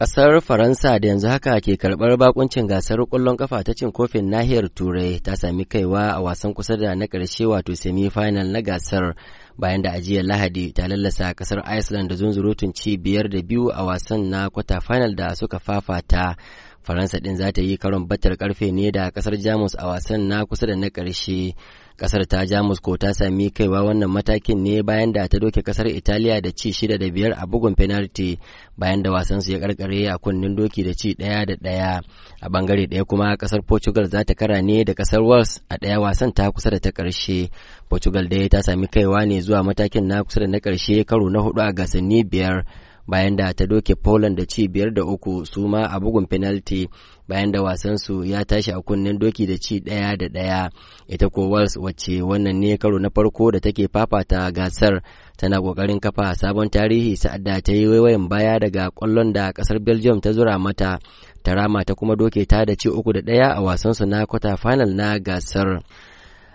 kasar Faransa da yanzu haka ke karbar bakuncin gasar kullon kafa ta cin kofin nahiyar Turai ta sami kaiwa a wasan kusa da na ƙarshe wato semi-final na gasar bayan da ajiyar Lahadi ta lallasa kasar Iceland da zunzurutun ci biyar da biyu a wasan na kwata final da suka fafata. faransa din za ta yi karon batar karfe ne da kasar jamus a wasan na kusa da na karshe kasar ta jamus ko ta sami kaiwa wannan matakin ne bayan da ta doke kasar italiya da ci shida da biyar a bugun penalty bayan da wasan su ya karkare a kunnen doki da ci daya da daya a bangare daya kuma kasar portugal za ta kara ne da kasar wales a daya wasan ta kusa da ta karshe portugal dai ta sami kaiwa ne zuwa matakin na kusa da na karshe karo na hudu a gasanni biyar bayan da ta doke Poland da ci biyar da uku su ma a bugun penalty bayan da wasansu ya tashi a kunnen doki da ci daya da daya ita ko Wales wacce wannan ne karo na farko da take fafata gasar tana kokarin kafa sabon tarihi sa'ad da ta yi waiwayen baya daga kwallon da kasar Belgium ta zura mata ta rama ta kuma doke ta da ci uku da daya a wasansu na kwata final na gasar.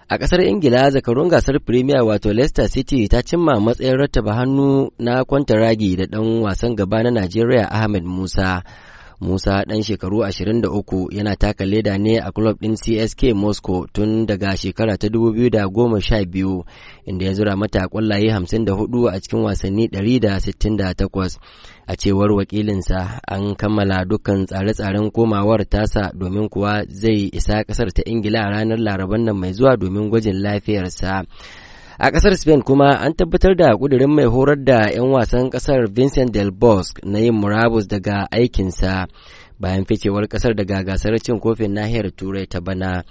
A ƙasar Ingila zakarun gasar Premier wato Leicester City ta cimma matsayin rattaba hannu na kwanta-ragi, da ɗan wasan gaba na Najeriya Ahmed Musa. Musa ɗan shekaru 23 yana taka leda ne a club ɗin CSK Moscow tun daga shekara ta 2012 inda ya zura mata kwallaye 54 a cikin wasanni 168. A cewar wakilinsa an kammala dukkan tsare-tsaren komawar tasa domin kuwa zai isa ƙasar ta Ingila ranar Laraban nan mai zuwa domin gwajin lafiyarsa. A ƙasar Spain kuma an tabbatar da kudirin mai horar da 'yan wasan kasar Vincent del Bosque na yin murabus daga aikinsa bayan ficewar kasar daga gasar cin kofin nahiyar Turai ta bana.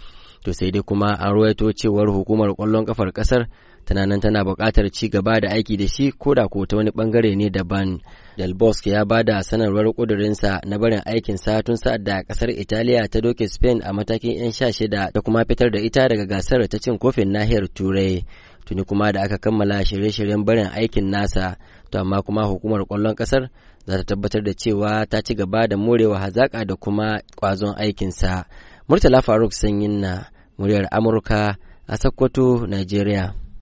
To sai dai kuma an ruwaito cewar hukumar kwallon kafar kasar tana tana buƙatar ci gaba da aiki da shi ko da ko ta wani bangare ne daban. Del Bosque ya ba da sanarwar kudurinsa na barin aikin sa tun sa'ad da kasar Italiya ta doke Spain a matakin 'yan sha shida ta kuma fitar da ita daga gasar ta cin kofin nahiyar Turai. tuni kuma da aka kammala shirye-shiryen barin aikin nasa to amma kuma hukumar kwallon kasar za ta tabbatar da cewa ta ci gaba da morewa hazaƙa da kuma ƙwazon aikinsa murtala faruk sanyin na muryar amurka a sokoto nigeria